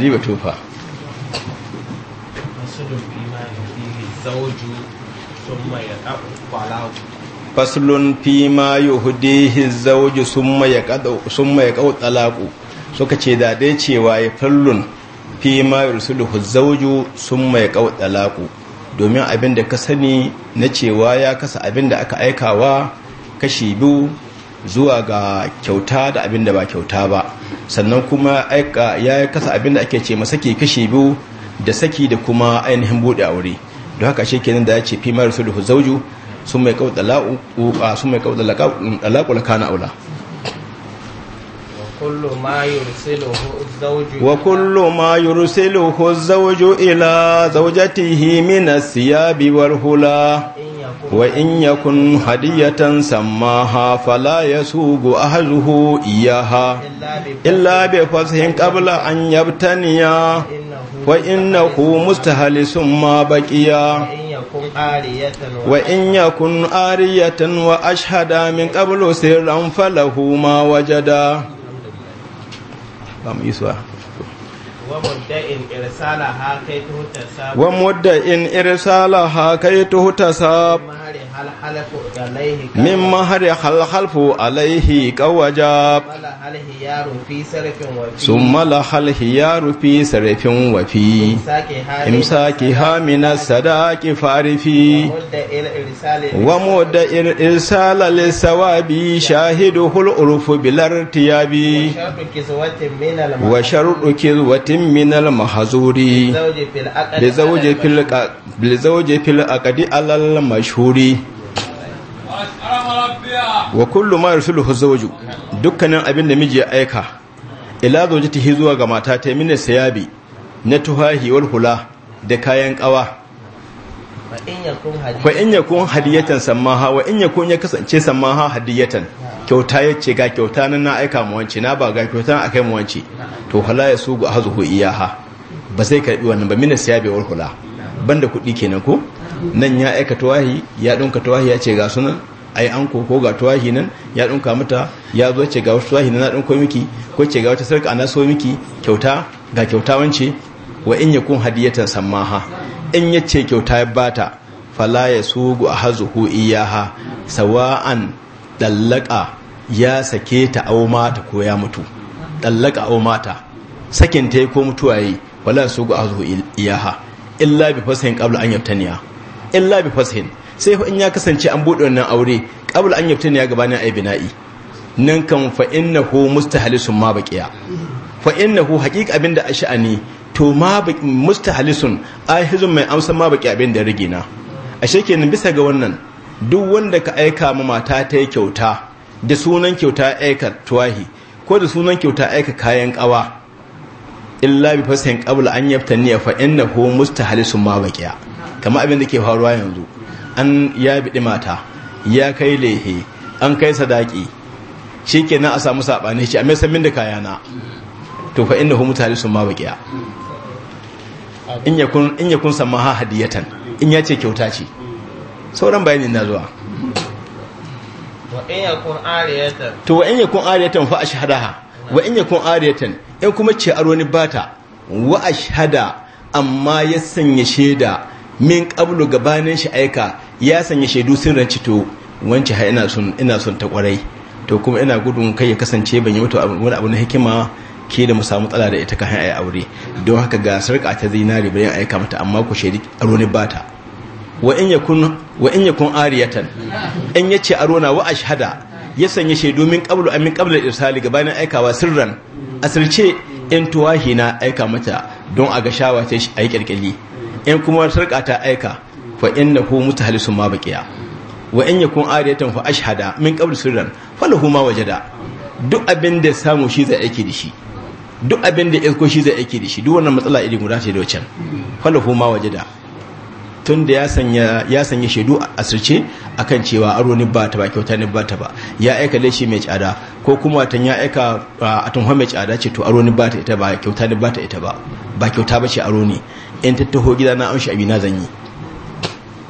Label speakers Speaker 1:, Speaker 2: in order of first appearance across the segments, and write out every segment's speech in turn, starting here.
Speaker 1: tufa faslun fi ma yuhdihi zawju summa yaqadu summa yaqau talaqu suka ce da dai cewa ya fallun fi ma zawju summa yaqau talaqu domin abin da ka sani na cewa ya kasa abin da aka aikawa kashi biyu zuwa ga kyauta da abin da ba kyauta ba sannan kuma ya kasa abin da ake ce masaki kashe biyu da saki da kuma ainihin buɗe aure don haka shi kenan da ya ce fi da huzauju sun mai kawo ɗalaƙo la kana aula wa kullu ma yursiluhu zawju ila zawjatihi ila as-siyabi hula wa in yakun hadiyatan sammaha fala yasugu ahzuhu iyaha illa bi fasihin qabla an yabtaniya wa innahu mustahlisun ma baqiya wa in yakun ariyatan wa ashhada min qablu sirran falahu ma wajada bam iswa wa mudda in irsalaha kai tuhu tasab wa min mahar halhalfu alaihi kawaja sun mala ya fi sarrafin wafi ki hamina sadaki farifi wa mudda irsala lissawabi shahidu hul'urufu bilar tiyabi wa sharuɗu kilwatin minal mahazuri bi zauje fil akadi alal mashhuri rabbi wa kullu ma yursiluhu zawju dukkanin abin da miji ya aika ila zawjatihi zuwa ga mata ta minna sayabi na tuhahi wal hula da kayan kawa wa in yakun hadiyatan samaha wa in yakun ya kasance samaha hadiyatan kyauta yace ga kyauta nan na aika mu wanci na ba ga kyauta akai mu wanci to hala ya sugu hazuhu iyaha ba sai karbi wannan ba minna sayabi wal hula banda kudi kenan ko nan ya aika tawahi ya dunka tawahi ya ce ga sunan ai an ko ko ga tawahi nan ya dunka mata ya zo ce ga wasu tawahi nan na dunko miki ko ce ga wata sarka ana so miki kyauta ga kyauta wance wa in yakun hadiyatan sammaha in yace kyauta ya bata fala ya sugu a iyaha sawa'an dallaka ya sake ta au mata ko ya mutu dallaka au mata sakin ta ko mutuwa yi wala ya sugu a iyaha illa bi fasahin qabla an yaftaniya illa bi fashin sai in ya kasance an bude wannan aure qabla an yabtani ya gabanin ay bina'i nan kan fa innahu mustahlisun ma baqiya fa innahu haqiqa abinda ash'ani to ma mustahlisun ay hizum mai amsa ma baqiya abin da rige na ashe kenan bisa ga wannan duk wanda ka aika ma mata ta kyauta da sunan kyauta aika tuwahi ko da sunan kyauta aika kayan kawa illa bi fasihin qabla an yabtani fa innahu mustahlisun ma baqiya kama abin da ke faruwa yanzu an ya biɗi mata ya kai lehe an kai sadaki shi nan a samu saɓani shi a mai samin da kayana to fa inda hu mutane sun ma baƙiya in ya kun sama ha hadiyatan in ya ce kyauta ce sauran bayanin na zuwa to wa in ya kun ariyatan fa a shahadaha wa in ya kun ariyatan in kuma ce aro ni bata wa a shahada amma ya sanya shaida min qablu gabanin shi aika ya sanya shaidu sun ranci to wance ha ina son ta kwarai to kuma ina gudun kai ya kasance ban yi mutu wani abu na hikima ke da mu samu tsala da ita kan ayi aure don haka ga sarka ta zinari bayan aika mata amma ku shaidi aro ne bata wa in yakun wa in yakun ariyatan in yace arona wa ashhada ya sanya shaidu min min amin da irsali gabanin aikawa sirran asirce in tuwahi na aika mata don a ga shawa ta shi ayi in kuma sarka ta aika fa hu mutahalisun ma baqiya wa in yakun ariyatan fa ashhada min qabl sirran falahu ma wajada duk abin da samu shi zai aiki da shi duk abin da isko shi zai aiki da shi duk wannan matsala iri guda ce da wacan falahu ma wajada tun da ya sanya shaidu a a kan cewa aro ni ba ta ba kyauta ni ba ta ba ya aika laishi mai tsada ko kuma watan ya aika a tunha mai tsada ce to aro ni ba ta ita ba kyauta ni ba ta ita ba ba kyauta ba ce aro ni in tattaho gida na amshi abi na zan yi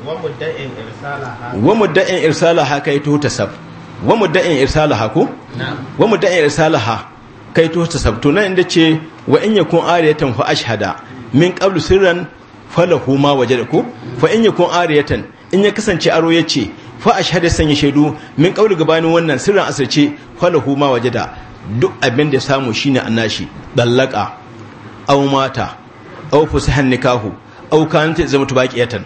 Speaker 1: wa mudda'in ha kai to tasab wa mudda'in ha ko wa mudda'in ha kai to tasab to nan inda ce wa in yakun ariyatan fa ashhada min qablu sirran falahu ma wajadaku fa in yakun ariyatan in ya kasance aro yace fa ashhadu sanya shaidu min qawli gabani wannan sirrin asirce falahu ma wajada duk abin da samu shine annashi dallaka aw mata aw fusahan nikahu aw kanat zama tubaqiyatan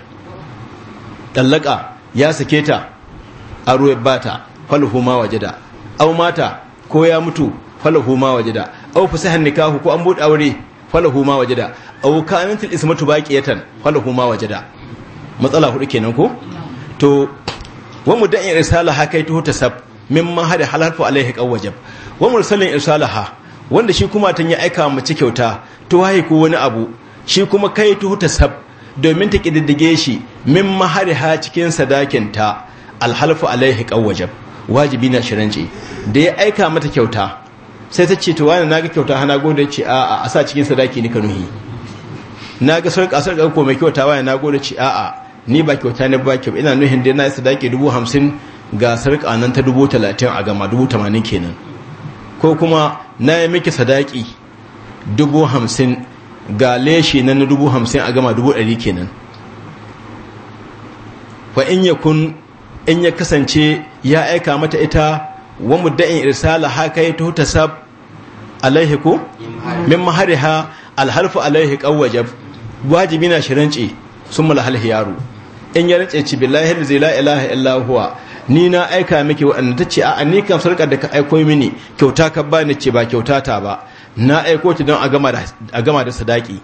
Speaker 1: dallaka ya sake ta aro ya bata falahu ma wajada aw mata ko ya mutu falahu ma wajada aw fusahan nikahu ko an bude aure falahu ma wajada aw kanatil ismatu baqiyatan falahu ma wajada matsala hudu kenan ko to wa mudda'in irsalaha kai tuhu tasab mimma hada halarfu alaihi qawajab wa mursalin irsalaha wanda shi kuma tan ya aika mace kyauta to waye ko wani abu shi kuma kai ta sab, domin ta kididdige shi mimma hada cikin sadakin ta alhalfu alaihi qawajab wajibi na shirinci da ya aika mata kyauta sai ta ce to wani na ga kyauta hana gode ce a a sa cikin sadaki ni ka nuhi na ga sarƙa sarƙa ko mai kyauta wani na gode ce a a ni ba kyauta ne ba kyau ina nuhin dai na sadaki dubu hamsin ga sarƙa nan ta dubu talatin a gama dubu tamanin kenan ko kuma na yi miki sadaki dubu hamsin ga leshi nan na dubu hamsin a gama dubu ɗari kenan fa in ya kun in ya kasance ya aika mata ita wa mudda'in irsala haka ya tuhu hutasa alaihi ku min ha alhalfu alaihi qawajab wajibi na shirinci sun mulhal yaro in ya rance ci billahi zai la ilaha illahuwa ni na aika miki waɗanda ta ce a ni kan sarkar da ka aiko mini kyauta ka ba ni ce ba kyauta ta ba na aiko ki don a gama da sadaki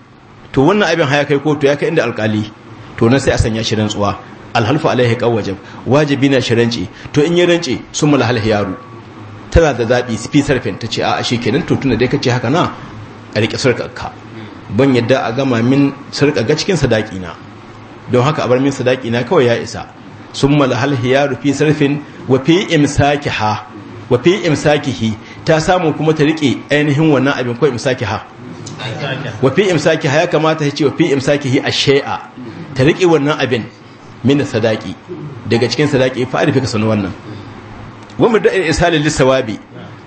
Speaker 1: to wannan abin haya kai kotu ya kai inda alƙali to na sai a sanya shirin rantsuwa alhalfu alaihi kawajab wajibi na shi rance to in yi rance sun mula halhiyaru tana da zaɓi fi sarfin ta ce a kenan to tuna dai ka ce haka na a riƙe sarƙaƙa. ban yadda a gama min sarƙaƙa cikin sadaki na don haka a bar min sadaki na kawai ya isa sun mula halhiyaru fi sarfin wa fi imsaki ha wa fi imsaki hi ta samu kuma ta riƙe ainihin wannan abin ko imsaki ha wa fi imsaki ha ya kamata ya ce wa fi imsaki hi a shai'a ta riƙe wannan abin min sadaki daga cikin sadaqi fa arifa ka wannan wa mudda'in isali lisawabi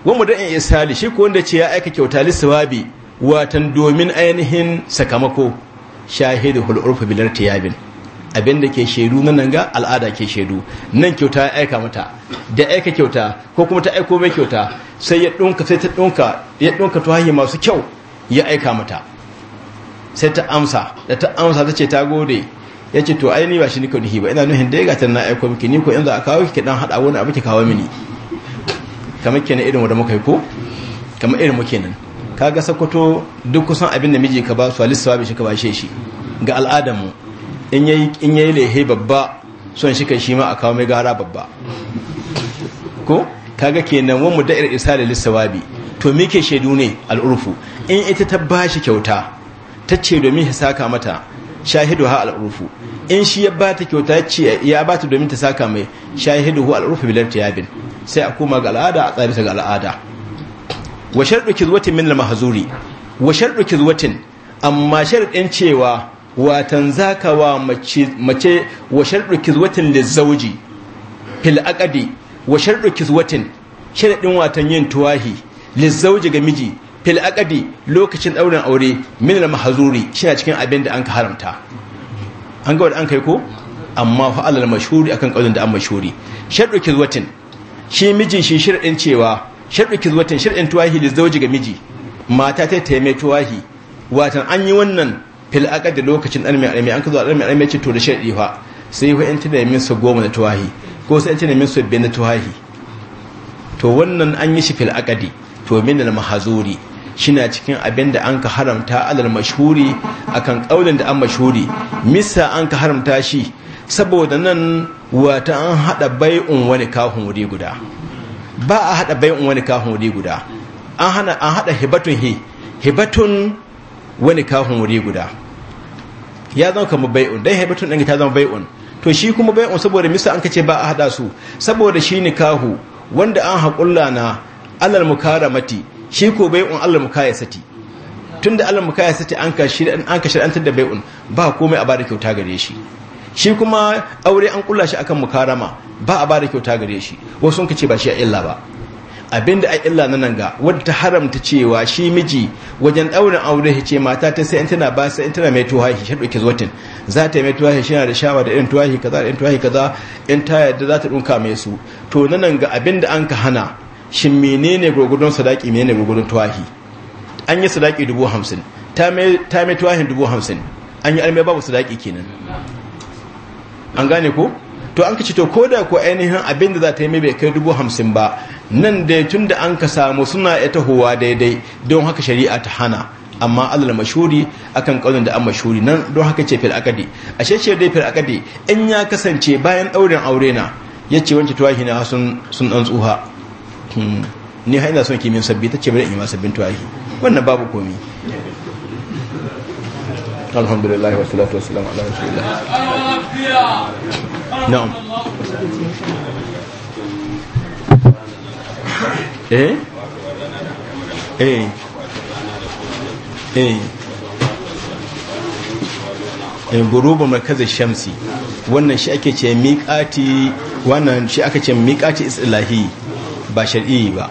Speaker 1: wa mudda'in isali shi ko wanda ce ya aika kyauta lisawabi watan domin ainihin sakamako hul urf bil irtiyabin abinda ke shaidu nan nan ga al'ada ke shaidu nan kyauta ya aika mata da aika kyauta ko kuma ta aiko mai kyauta sai ya dunka sai ta dunka ya dunka masu kyau ya aika mata sai ta amsa da ta amsa ta ce ta gode ya ce to ai ni ba shi nika duhi ba ina nuhin da ya na aiko miki ni ko in za a kawo ki dan haɗa wani abu ki kawo mini kamar kenan irin wanda muka yi ko kamar irin muke nan kaga sakwato duk kusan abin da miji ka ba su alissa ba shi ka bashe shi ga mu in yayi in yayi lehe babba son shi kai shi ma a kawo mai gara babba ko kaga kenan wa mudda'ir isal lissawabi to me ke shedu ne al'urfu in ita ta bashi kyauta ta ce domin ya mata shahidu ha al'urufu in shi ya ba ta kyauta ce ya ba ta domin ta saka mai shahidu hu al'urufu bilar tiyabin sai a koma ga al'ada a tsarisa ga al'ada wa sharɗu kizwatin min al-mahzuri wa sharɗu kizwatin amma sharɗin cewa watan zaka wa mace wa sharɗu kizwatin Zawji fil aqdi wa sharɗu kizwatin sharɗin watan yin tuwahi lizauji ga miji fil aqdi lokacin daurin aure min al mahzuri shine cikin abin da an ka haramta an ga wanda an kai ko amma fa al mashhuri akan kaulin da an mashhuri sharru kizwatin shi miji shi shirdin cewa sharru kizwatin shirdin tuwahi da zauji ga miji mata ta taime tuwahi wato an yi wannan fil aqdi lokacin almi almi an ka zo almi almi ce to da sharri fa sai fa in tana min su goma na tuwahi ko sai in tana min su biyar tuwahi to wannan an yi shi fil aqdi to min al mahzuri shina cikin abin da an ka haramta alal mashhuri akan kaulin da an mashhuri misa an ka haramta shi saboda nan wata an hada bai'un wani kahun wuri guda ba a hada bai'un wani kahun wuri guda an hana an hada hibatun hi hibatun wani kahun wuri guda ya zama kamar bai'un dai hibatun din ta zama bai'un to shi kuma bai'un saboda misa an kace ba a hada su saboda shi ni kahu wanda an haƙulla na alal mukaramati shi ko bai'un Allah mukayasati tunda Allah mukayasati an ka shir an ka shir'antar da bai'un ba komai a bada kyauta gare shi shi kuma aure an kula shi akan mukarama ba a bada kyauta gare shi wasu sun kace ba shi a illa ba abinda a illa na nan ga wadda ta haramta cewa shi miji wajen daurin aure shi ce mata ta sai tana ba sai tana mai tuwa shi ɗauki zotin za ta mai tuwa shi na da shawa da irin shi kaza da irin shi kaza in ta yarda za ta ɗunka mai su to na nan ga abinda an ka hana shin menene gurgudun sadaki menene gurgudun tuwahi an yi sadaki dubu hamsin ta mai tuwahin dubu hamsin an yi almai babu sadaki kenan an gane ku? to an kace to ko da ko ainihin abin da za ta yi mai bai kai dubu hamsin ba nan dai tun da an ka samu suna ya tahowa daidai don haka shari'a ta hana amma alal mashuri akan kaunin da an mashuri nan don haka ce fil akadi A ce dai fil akadi in ya kasance bayan ɗaurin aure na ce wancan tuwahi na sun sun dan tsuha ni ha son ke min sabbi ce bari in yi ma sabbin tuwahi wannan babu komi alhamdulillah wa salatu wa salam ala rasulillah na'am eh eh eh, eh gurubu markazin shamsi wannan shi ake ce miƙati wannan shi ake ce miƙati islahi ba shari'i ba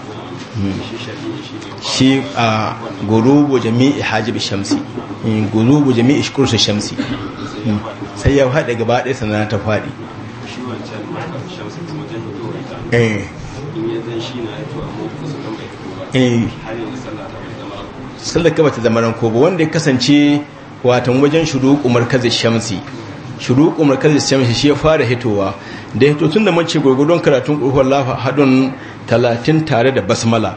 Speaker 1: shi a gurubu jami'i hajib shamsi eh, gurubu jami'i shukursu shamsi hmm. sai ya haɗe gaba ɗaya sannan ta faɗi eh. eh. sallaka bata zama ranko ba wanda ya kasance watan wajen kumar markazin shamsi kumar markazin shamsi shi ya fara hitowa da hito tun da mace gwagwadon karatun ƙurhuwar lafa haɗin talatin tare da basmala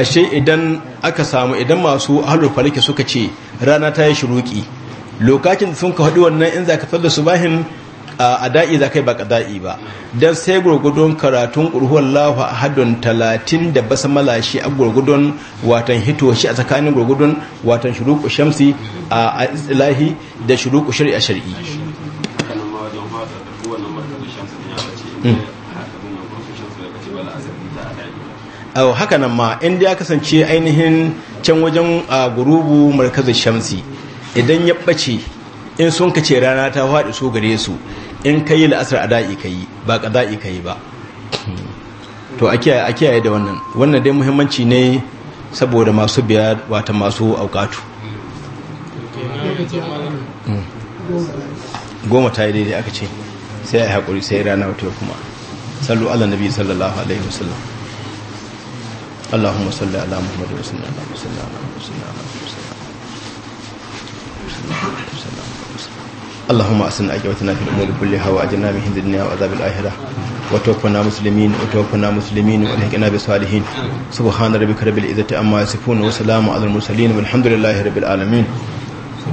Speaker 1: ashe idan aka samu idan masu halur falke suka ce rana ta yi shiruki lokacin da sun ka haɗu wannan in za ka tsada su bahin a da'i za ka yi baka da'i ba don sai gurgudun karatun ƙurhuwar lafa a hadon talatin da basmala shi a gurgudun watan hito shi a tsakanin gurgudun watan shiruku shamsi a islahi da shiruku shari'a shari'i haka nan ma inda ya kasance ainihin can wajen a gurubu markazin shamsi idan ya ɓace in sun kace rana ta faɗi so gare su in ka yi la'asar a da'i ka yi ba ka da'i ka yi ba to a kiyaye da wannan wannan dai muhimmanci ne saboda masu biya wata masu aukatu hmm. goma ta yi daidai aka ce sai a haƙuri sai rana wata kuma sallu ala nabi sallallahu alaihi wasallam اللهم صل على محمد وسلم على وسلم على وسلم على وسلم اللهم أسن أجوتنا في الأمور كلها وأجنا من هند الدنيا وعذاب الآخرة وتوفنا مسلمين وتوفنا مسلمين والحقنا بالصالحين سبحان ربك رب العزة أما يصفون وسلام على المرسلين والحمد لله رب العالمين